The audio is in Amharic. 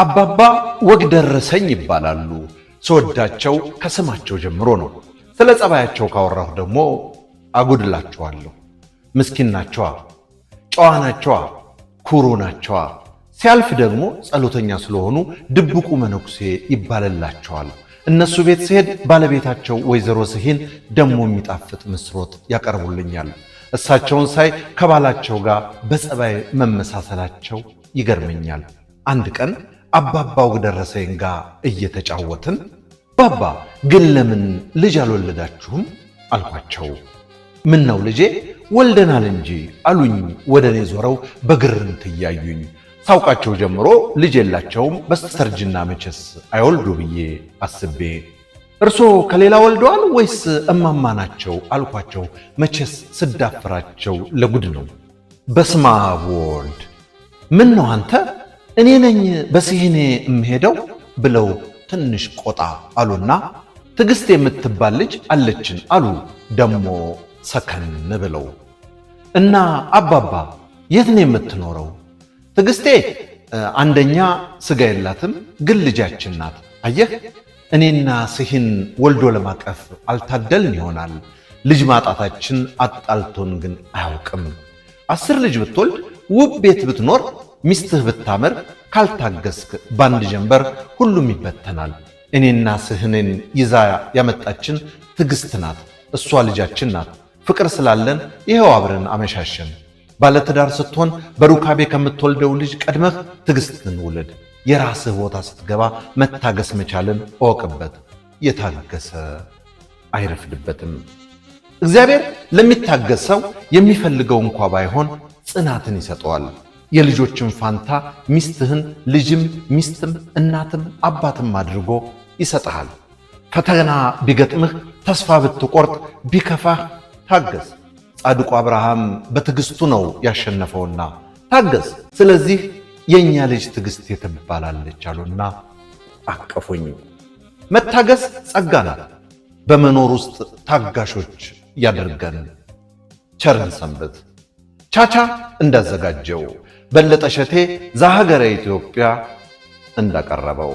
አባባ ወግ ደረሰኝ ይባላሉ። ስወዳቸው ከስማቸው ጀምሮ ነው። ስለ ጸባያቸው ካወራሁ ደግሞ አጉድላቸዋለሁ። ምስኪን ናቸዋ፣ ጨዋ ናቸዋ፣ ኩሩ ናቸዋ። ሲያልፍ ደግሞ ጸሎተኛ ስለሆኑ ድብቁ መነኩሴ ይባልላቸዋል። እነሱ ቤት ስሄድ ባለቤታቸው ወይዘሮ ስሂን ደሞ የሚጣፍጥ ምስሮት ያቀርቡልኛል። እሳቸውን ሳይ ከባላቸው ጋር በጸባይ መመሳሰላቸው ይገርመኛል። አንድ ቀን አባባው ደረሰኝ ጋ እየተጫወትን ባባ ግን ለምን ልጅ አልወለዳችሁም አልኳቸው። ምን ነው ልጄ ወልደናል እንጂ አሉኝ። ወደ እኔ ዞረው በግርምት እያዩኝ ሳውቃቸው ጀምሮ ልጅ የላቸውም በስተርጅና መቼስ አይወልዱ ብዬ አስቤ እርሶ ከሌላ ወልደዋል ወይስ እማማ ናቸው አልኳቸው። መቼስ ስዳፍራቸው ለጉድ ነው። በስመ አብ ምን ነው አንተ እኔ ነኝ በሲህኔ እምሄደው ብለው ትንሽ ቆጣ አሉና ትዕግሥት የምትባል ልጅ አለችን አሉ ደሞ ሰከን ብለው እና አባባ የት ነው የምትኖረው? ትግስቴ አንደኛ ስጋ የላትም ግን ልጃችን ናት። አየህ እኔና ሲሂን ወልዶ ለማቀፍ አልታደልን ይሆናል። ልጅ ማጣታችን አጣልቶን ግን አያውቅም። አስር ልጅ ብትወልድ ውብ ቤት ብትኖር ሚስትህ ብታምር ካልታገስክ በአንድ ጀንበር ሁሉም ይበተናል። እኔና ስህንን ይዛ ያመጣችን ትዕግስት ናት። እሷ ልጃችን ናት። ፍቅር ስላለን ይኸው አብረን አመሻሸን። ባለትዳር ስትሆን በሩካቤ ከምትወልደው ልጅ ቀድመህ ትዕግሥትን ውለድ። የራስህ ቦታ ስትገባ መታገስ መቻልን እወቅበት። የታገሰ አይረፍድበትም። እግዚአብሔር ለሚታገስ ሰው የሚፈልገው እንኳ ባይሆን ጽናትን ይሰጠዋል። የልጆችን ፋንታ ሚስትህን ልጅም ሚስትም እናትም አባትም አድርጎ ይሰጥሃል። ፈተና ቢገጥምህ ተስፋ ብትቆርጥ ቢከፋህ ታገስ። ጻድቁ አብርሃም በትዕግሥቱ ነው ያሸነፈውና ታገስ። ስለዚህ የእኛ ልጅ ትዕግሥቴ ትባላለች አሉና አቀፉኝ። መታገስ ጸጋ ናት። በመኖር ውስጥ ታጋሾች ያደርገን። ቸርን ሰንበት ቻቻ እንዳዘጋጀው በለጠ ሸቴ ዘሀገረ ኢትዮጵያ እንዳቀረበው